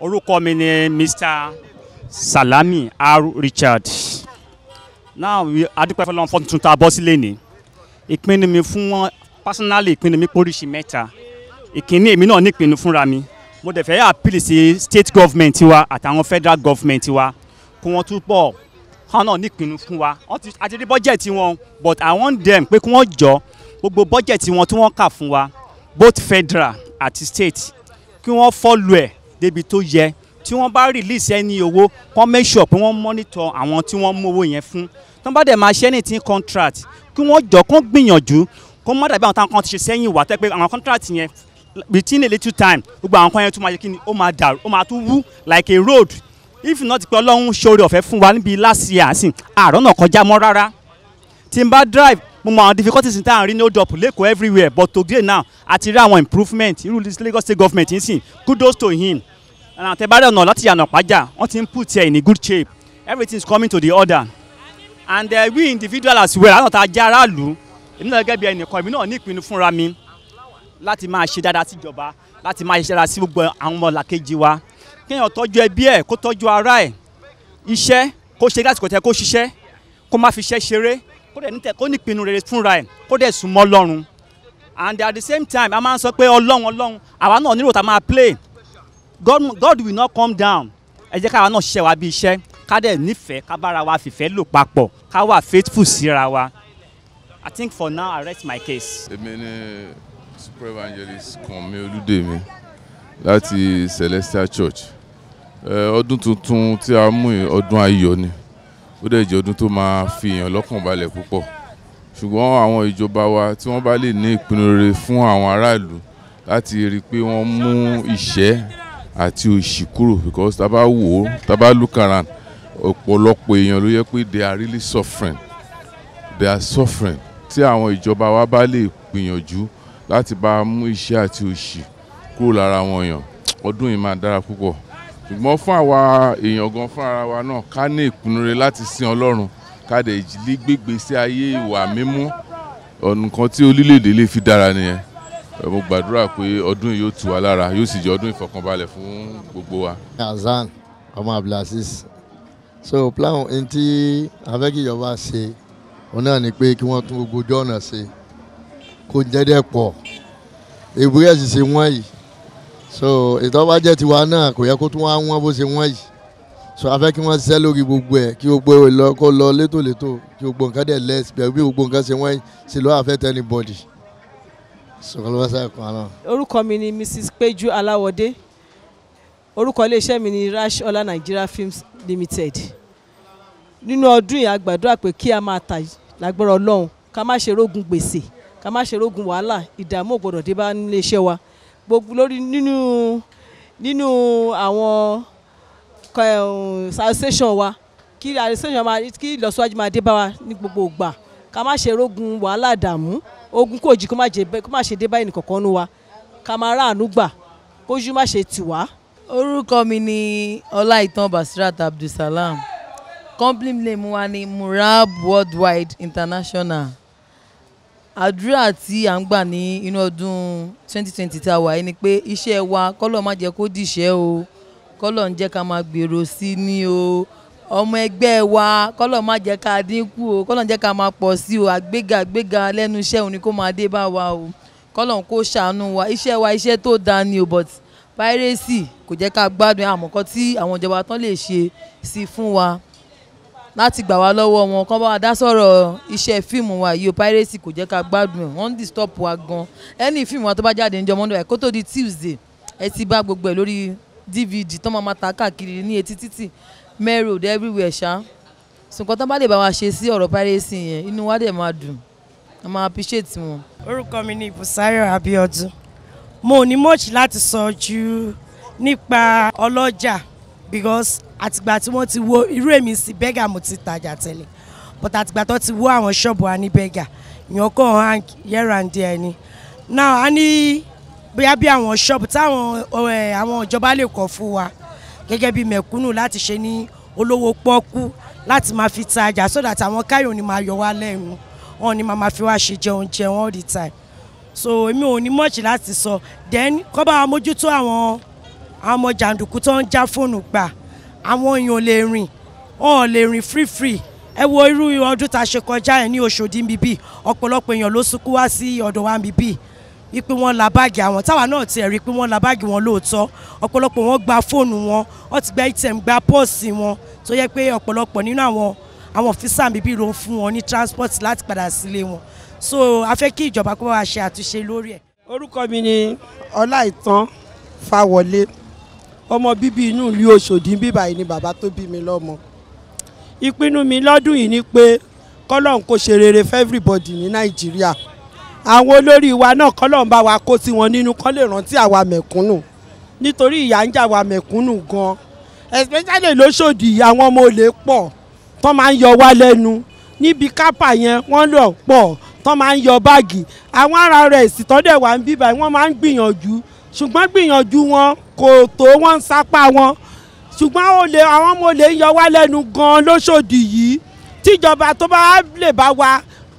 orúkọ mi ni Mr. Salami R. Richard now adúpẹ́ fọlọ́n fọ́n tuntun tá a bọ́ sílé ni ìpinnu mi fún wọn personally ìpinnu mi póríṣi mẹ́ta ìkíní èmi náà ní ìpinnu fúnra mi mo dẹ̀ fẹ́ appeal sí state government wa àtàwọn federal government wa kí wọ́n túbọ̀ kan náà nípinnu fún wa a ti rí bọ́jẹ̀tì wọn but I want them pé kí wọ́n jọ gbogbo bọ́jẹ̀tì wọn tí wọ́n kà fún wa both federal àti state kí wọ́n follow ẹ̀ débi tó yẹ tí wọ́n bá release ẹni owó kán make sure pé wọ́n monitor àwọn tí wọ́n mú owó yẹn fún tó bá dẹ̀ máa ṣe ní ti contract kí wọ́n jọ kán gbìyànjú kó má dàbí àwọn táwọn kan ti ṣe sẹ́yìn wà tẹ́ àwọn contract yẹn between a little time gbogbo àwọn kan yẹn tún máa ṣe kí ni ó máa dàrú ó máa tún wú like a road if not pé ọlọ́run ṣoore ọ̀fẹ́ fún wa níbi last year àsìn àárọ̀ náà kọjá mọ́ rárá tí n bá drive mo mọ àwọn difficulties tá à ń rí ní hold up lẹ́kọ̀ọ́ everywhere but today now a ti rí àwọn improvement irú Lagos state government yìí sìn kudos to him and àtẹ̀bárẹ̀ ọ̀nà láti yànnà pàjá wọ́n ti ń put ẹ̀ in a good shape everything is coming to the order and uh, we individual as well àwọn tá a jẹ́ aráàlú èmi náà gẹ́gẹ́ bí ẹnìkan èmi náà ní ìpinnu fúnra mi láti máa ṣe dáadáa síjọba láti máa ṣe dáadáa sí gbogbo àwọn ọmọlàkejì wa kéèyàn tọ́jú ẹbí ẹ̀ kó tọ́jú ara ẹ̀ iṣẹ́ kó ṣe lásìkò tẹ kó ṣiṣẹ́ kó má fi iṣẹ́ ṣeré kó dẹ̀ nítẹ̀ kó nípinnu rere fúnra ẹ̀ kó dẹ̀ sùn mọ́ Ọlọ́run and at the same time a máa ń sọ pé Ọlọ́run Ọlọ́run àwa náà nílò tá a máa play God, God will not come down ẹ jẹ́ káwa náà ṣiṣẹ́ wa bí iṣẹ́ ká dẹ̀ nífẹ̀ẹ́ ká bára wa fìfẹ́ lò papọ̀ ká wà faithful síra wa I think for now I rest my case. èmi ni super evangelist Kànmí Olúdèmí láti Celestial Church ọdún tuntun tí a mú ọdún ayọ̀ ni ó dẹ̀ jẹ́ ọdún tó máa fi èèyàn lọ́kàn balẹ̀ púpọ̀ ṣùgbọ́n àwọn ìjọba wa tí wọ́n bá lè ní ìpinnu rere fún àwọn aráàlú láti rí i pé wọ́n mú ìṣẹ́ àti òṣì kúrò because tá a bá wò ó tá a bá look around ọ̀pọ̀lọpọ̀ èèyàn ló yẹ pé they are really suffering they are suffering tí àwọn ìjọba wa bá lè gbìyànjú láti bá mú iṣẹ́ àti òṣì kúrò lára wọn èèyàn ọdún yìí máa dára púpọ̀ ṣùgbọ́n fún àwa èèyàn gan fún ara wa náà ká ní ìpinnu rẹ láti sin ọlọ́run ká dẹ̀ gbégbé sí ayé ìwà mímú ọ̀nà kan tí orílẹ̀-èdè lè fi dára nìyẹn mo gbàdúrà pé ọdún yìí yóò tù wá lára yóò sì jẹ́ ọdún ìfọkànbalẹ̀ fún gbogbo wa. Hasan ọmọ Abdulaziz so plan n tí afẹ́kìjọba ṣe òun náà ni pé kí wọ́n tún gbogbo ojú ọ̀nà ṣe kó jẹ́dẹ̀ pọ̀ ìbúrẹ́ sì ṣe wọ́n yìí so ìtọ́wájẹ́ tiwa náà kò yẹ kó tún wá wọ́n bó ṣe wọ́n yìí so afẹ́ kí wọ́n ṣiṣẹ́ lórí gbogbo ẹ̀ kí gbogbo ẹ̀ kó lọ létòlétò kí gbogbo nǹkan dẹ̀ lẹ́sì bí gbogbo nǹkan ṣe wọ́n yìí sì lọ́ọ́ affect anybody sọ̀rọ̀ ló bá sáré kan náà. orúkọ mi ni Mrs. Péjú Aláwọ̀dé orúkọ iléeṣẹ́ mi ni Rash Ola Nigeria Films Limited nínú ọdún yìí a gbàdúrà pé kí a máa tà lágbára Ọlọ́run ká má ṣe rógun gbèsè ká má ṣe rógun wàhálà ìdààmú ò gbọdọ̀ dé bá nílé wa gbogbo lórí nínú nínú àwọn association eh, wa kí association wa kí ìlọsíwájú máa dé bá wa ní gbogbo ìgbà ká má ṣe rógun wàhálà dààmú ogun kòjì kó má ṣe dé báyìí nìkọ̀kan nu wa ká má ráàánú gbà kójú má ṣe tì wá. orúkọ mi ni ọláìtàn basirat abdulsalam complim name wa ni murab worldwide international àdúrà tí à ń gbà ní inú ọdún 2020 tá a wà yìí ni pé iṣẹ́ wa kọ́lọ̀ má jẹ́ kó dìṣẹ́ o kọ́lọ̀ ń jẹ́ ká máa gbèrò sí i o ọmọ ẹgbẹ́ wa kọ́lọ̀ má jẹ́ ká dínkù o kọ́lọ̀ jẹ́ ká máa pọ̀ sí o àgbéga àgbéga lẹ́nu iṣẹ́ òní kó máa dé bá wa o kọ́lọ̀ kó ṣàánú wa iṣẹ́ wa iṣẹ́ tó dáa ni o but piracy kò jẹ́ ká gbádùn àmọ̀kọ́ tí àwọn ìjọba tán lè ṣe sí fún wa láti gbà wá lọ́wọ́ wọn kán bá wa dá sọ̀rọ̀ iṣẹ́ fíìmù wa yìí o piracy kò jẹ́ ká gbádùn ẹ̀ wọ́n ń disturb wa gan ẹni fíìmù wa tó bá jáde níjọ Monday kó tó di Tuesday ẹ ti bá gbogbo ẹ̀ lórí DVD tán máa ma ta káàkiri ní etí títì main road everywhere ṣá ṣùgbọ́n tán bá lè bá wa ṣe sí ọ̀rọ̀ piracy yẹn inú wa dẹ̀ máa dùn a máa appreciate wọn. orúkọ mi ni Ibùsáyọ̀ Abíọ́dún mo ní much láti sọ ju nípa ọlọ́jà because àtìgbà tí wọ́n ti wo irú èmi sí bẹ́gà mo ti tajà tẹ́lẹ̀ but àtìgbà tó ti wo àwọn ṣọ́ọ̀bù wa ní bẹ́gà ìyàn kàn án yẹ́ra ń di ẹni now a ní bóyá bí àwọn ṣọ́ọ̀bù táwọn eh, àwọn ìjọba lè kọ́ fún wa gẹ́gẹ́ bí mẹ̀kúnnù láti ṣe ní olówó pọ́ọ́kú láti máa fi ta ọjà so that àwọn káyọ̀ ni máa yọ wá lẹ́nu wọn ni máa fi wá ṣe jẹun jẹun all the time so èmi ò ní much láti sọ then kọ́ bá wa mójútó àwọn àwọn ọmọ jàǹdùkú tó ń já fóònù gbà àwọn èèyàn lè rìn wọn ò lè rìn free free ẹ wo irú ọdún tá a ṣe kọjá ẹ ní Ọ̀ṣọ́dì bíbí ọ̀pọ̀lọpọ̀ èèyàn ló sunkún wá sí ọ̀dọ̀ wa bíbí wípé wọ́n la báàgì àwọn táwa náà ti rí pé wọ́n la báàgì wọn lóòótọ́ ọ̀pọ̀lọpọ̀ wọn gba fóònù wọn wọ́n ti gba ATM gba pọ́ọ̀sì wọn tó yẹ pé ọ̀pọ̀lọpọ̀ nínú àwọn àwọn ọ̀fíìsà bíbí ló ń fún wọn ní transport láti padà sílé wọn so a fẹ́ kí ìjọba kó wá ṣe àtúnṣe lórí ẹ̀. orúkọ mi ni Ọláìtàn Fáwọlé ọmọ bíbí inú ìlú Òṣòdì bíbá yìí ni bàbá tó bí mi lọ́mọ ìpinnu mi lọ́dún yìí ni pé kọ́lọ́n kò ṣe rere for everybody ní Nàìjíríà àwọn olórí wa náà kọ́lọ́n bá wa kó sí wọn nínú kọ́ lè rántí àwa mẹ̀kúnnù nítorí ìyà ń jà wa mẹ̀kúnnù gan especially lóṣòdì àwọn ọmọ olè pọ̀ tán máa ń yọ wá lẹ́nu níbi kápá yẹn wọ́n lọ pọ̀ tán máa ń yọ báàgì àwọn ará rẹ̀ ìsìtọ́dẹ̀ wà ń bíbà wọ́n máa ń gbìyànjú ṣùgbọ́n gbìyànjú wọn kò tó wọ́n ń sápá wọn ṣùgbọ́n àwọn ọmọ olè ń yọ wá lẹ́nu gan lóṣòdì yìí tíjọba tó bá lè bá wa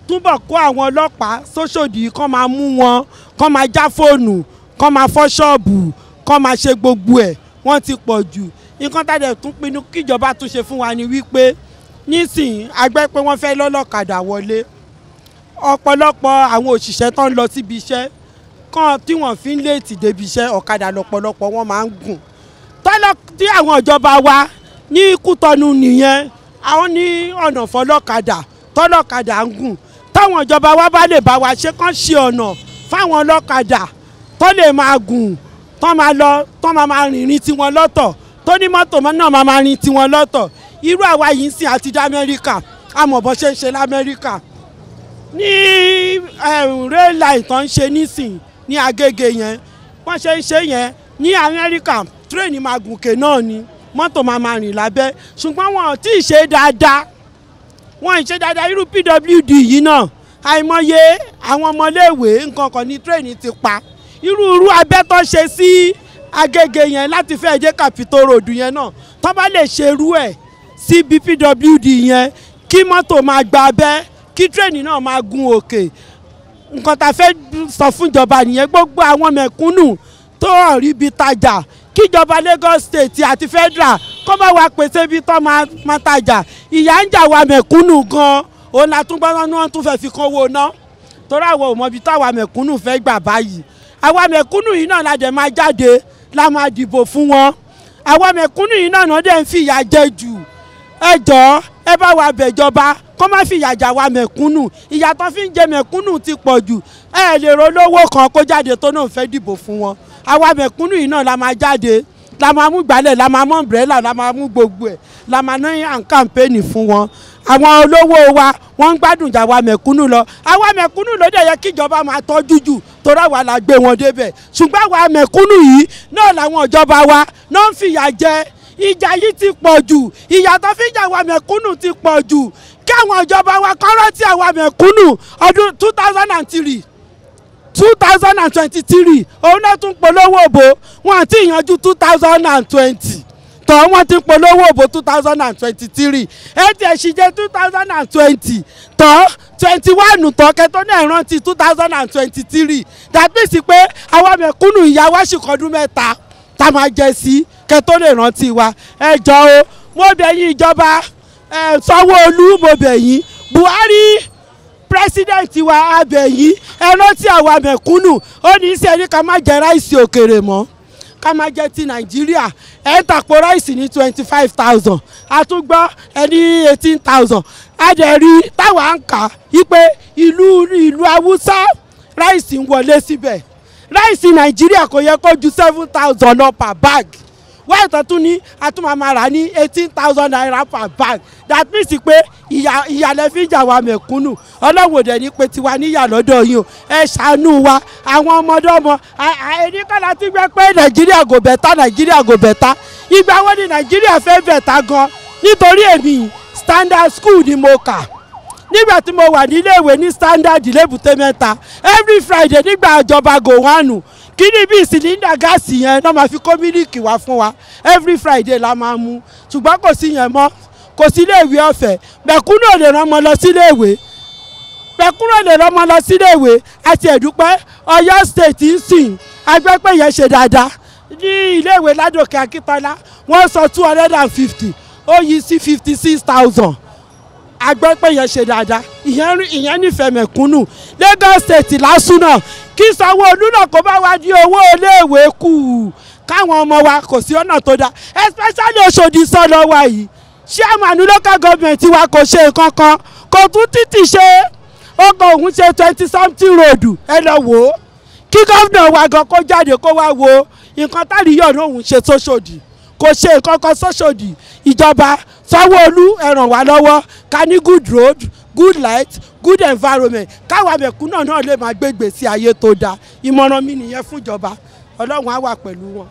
túbọ̀ kó àwọn ọlọ́pàá sóṣòdì kán máa mú wọn kán máa já fóònù kán máa fọ́ ṣọ́ọ̀bù kán máa ṣe gbogbo ẹ̀ wọ́n ti pọ̀ jù nǹkan tàdé tún pinnu kíjọba tún ṣe fún wa ni wípé nísìnyí agbẹ́ pé wọ́n fẹ́ lọ́lọ́kadà wọlé ọ̀pọ̀lọpọ̀ àwọn òṣìṣẹ́ tó ń lọ síbi iṣẹ́ kan tí wọ́n fi ń léètì débi iṣẹ́ ọ̀kadà lọ́pọ̀lọpọ̀ wọ́n máa ń gùn tọ́lọ́ tí àwọn ìjọba wa ní Kútọ́nù nìyẹn àwọn ní ọ̀nà fọlọ́kadà tọ́lọ́kadà ń gùn táwọn ìjọba wa bá lè bá wa ṣe kán ṣe ọ̀nà fáwọn ọlọ́kadà tó lè máa gùn tó máa lọ tó máa máa rìnrìn tiwọn lọ́tọ̀ tó ní mọ́tò náà máa máa rìn tiwọn lọ́tọ̀ irú àwa yìí ń sìn àti dá amẹ́ríkà amọ̀bọ̀ ṣe ń ṣe lamẹ́ríkà ní rail line tó ń ṣe nísìn ní Agége yẹn wọ́n ṣe ń ṣe yẹn ní amẹ́ríkà tírèènì máa gùnkè náà ni mọ́tò máa máa rìn lábẹ́ ṣùgbọ́n wọn ò tí ṣe dáadáa wọn ì ṣe dáadáa irú pwd yìí náà àìmọye àwọn ọmọléèwé nǹkan kan ní tírẹ̀nì ti pa irú irú abẹ́tọ́ ṣe sí Agége yẹn láti fẹ́ jẹ́ kàfitó ròdù yẹn náà tó bá lè ṣerú ẹ̀ sí bpwd yẹn kí mọ́tò máa gba abẹ́ kí tírẹ̀nì náà máa gun òkè nǹkan tá a fẹ́ sọ fún ìjọba nìyẹn gbogbo àwọn mẹ̀kúnnù tó hàn rí ibi tajà kíjọba Lagos State àti federal kó bá wa pèsè ibi tó máa tajà ìyá ń jà wa mẹ̀kúnnù gan-an òun la tún gbọ́dọ̀ ní wọ́n tún fẹ́ fi kán owó ná torí àwọn òmò ibi táwa mẹ̀kúnnù fẹ́ gbà báyìí àwa mẹ̀kúnnù yìí náà la dẹ̀ máa jáde la máa dìbò fún wọn àwa mẹ̀kúnnù yìí náà náà dẹ̀ ń fìyà jẹ jù ẹ jọ̀ọ́ ẹ bá wa bẹ̀jọba kó má fìyà jà wa mẹ̀kúnnù ìyà tó fi ń jẹ mẹ̀kúnnù ti pọ̀ jù ẹ lè ro lówó kan kó jáde tó náà fẹ́ dìbò fún wọn àwa mẹ̀kúnnù yìí náà la máa jáde la máa mú gbálẹ̀ la máa mú umbrella la máa mú gbogbo ẹ̀ la máa ná à ń kàmpéènì fún wọn àwọn olówó wa wọ́n ń gbádùn jà wa mẹ̀kúnnù lọ àwa mẹ̀kúnnù ló dẹ̀ yẹ kíjọba máa tọ́jú jù torí àwa la gbé wọn débẹ̀ ṣùgbọ́n àwa mẹ̀kúnnù yìí náà làwọn ìjọba wa náà ń fìyà jẹ ìjà yìí ti pọ̀ jù ìyà tó fi jà wa mẹ̀kúnnù ti pọ̀ jù kí àwọn ìjọba wa kọ́rọ́ tí àwa mẹ̀kúnnù ọdún two thousand and three two thousand and twenty-three òun náà tún polówó òbò wọn àti ìyanjú two thousand and twenty tọ́ wọ́n ti polówó òbò two thousand and twenty-three ẹ̀ẹ́dì ẹ̀ṣìjẹ́ two thousand and twenty tọ́ twenty one tọ́ kẹtọ́ náà rántí two thousand and twenty-three that means pé àwọn mẹ̀kúnnù ìyàwó ṣìkọ́dún mẹ́ta tá a máa jẹ sí kẹtọ́ lè rántí wa ẹ jọ o mo bẹ̀ yín ìjọba Sanwó-Olú mo bẹ̀ yín Buhari President, wa abẹ̀yí ẹran tí àwa mẹ̀kúnnù ó ní í ṣe ní ká má jẹ ráìsì òkèrè mọ́ ká má jẹ ti nàìjíríà ẹ̀ ń tàpó ráìsì ní twenty five thousand àtúgbọ́ ẹni eighteen thousand adẹ̀rí táwa ń kà í pé ìlú ìlú haúsá ráìsì ń wọlé síbẹ̀ ráìsì nàìjíríà kò yẹ kó ju seven thousand lọ per bag wáyé tó tún ní atúmọ̀mọ́ ní eighteen thousand naira per bag that means pé ìyà fi jà wá mẹ̀kúnnù ní pé tiwa níyà lọ́dọ̀ yìí o ẹ ṣàánú wa àwọn ọmọdọ́mọ ẹni kọ́lá ti gbẹ pé nàìjíríà kò bẹ̀tà nàìjíríà kò bẹ̀tà ìgbà wo ni nàìjíríà fẹ́ bẹ̀tà gan nítorí èmi standard school ni mo kà nígbà tí mo wà ni ní standard lébùté mẹ́ta every friday nígbà kíní bíi sìlíndà gáàsì yẹn náà máa fi kó mílíìkì wá fún wa every friday la máa mu ṣùgbọ́n kò sí yẹn mọ́ kò sí iléèwé ọ̀fẹ́ mẹ̀kúnnù ò lè rán ọmọ lọ sí iléèwé mẹ̀kúnnù ò lè rán ọmọ lọ sí iléèwé àti ẹ̀dúpẹ́ Ọ̀yọ́ state ń sìn agbẹ́pẹ́ yẹn ṣe dáadáa ní iléèwé Ládòkè Akíntọ́lá wọ́n sọ two hundred and fifty ó yí sí fifty six thousand agbẹ́pẹ́ yẹn ṣe dáadáa ìyẹn nífẹ̀ẹ́ mẹ̀kúnnù Lagos state lásùn náà kí Sanwó-Olú náà kó bá wa di owó iléèwé kù káwọn ọmọ wa kò sí ọ̀nà tó dáa especially Òṣòdì sọ́dọ̀ wa yìí chairman local government wa kò ṣe nǹkan kan kò tún títì ṣe ó kọ òun ṣe twenty something road ẹ lọ wò ó kí gómìnà wa gan kó jáde kó wá wo nǹkan táríyọ̀ náà òun ṣe sóṣòdì kò ṣe nǹkan kan sóṣòdì ìjọba Sanwó-Olú ẹ ràn wá lọ́wọ́ ká ní good road good light good environment káwa mẹ̀kúnnà náà lè máa gbé ìgbésí ayé tó dáa ìmọ̀ràn mi nìyẹn fúnjọba ọlọ́run á wà pẹ̀lú wọn.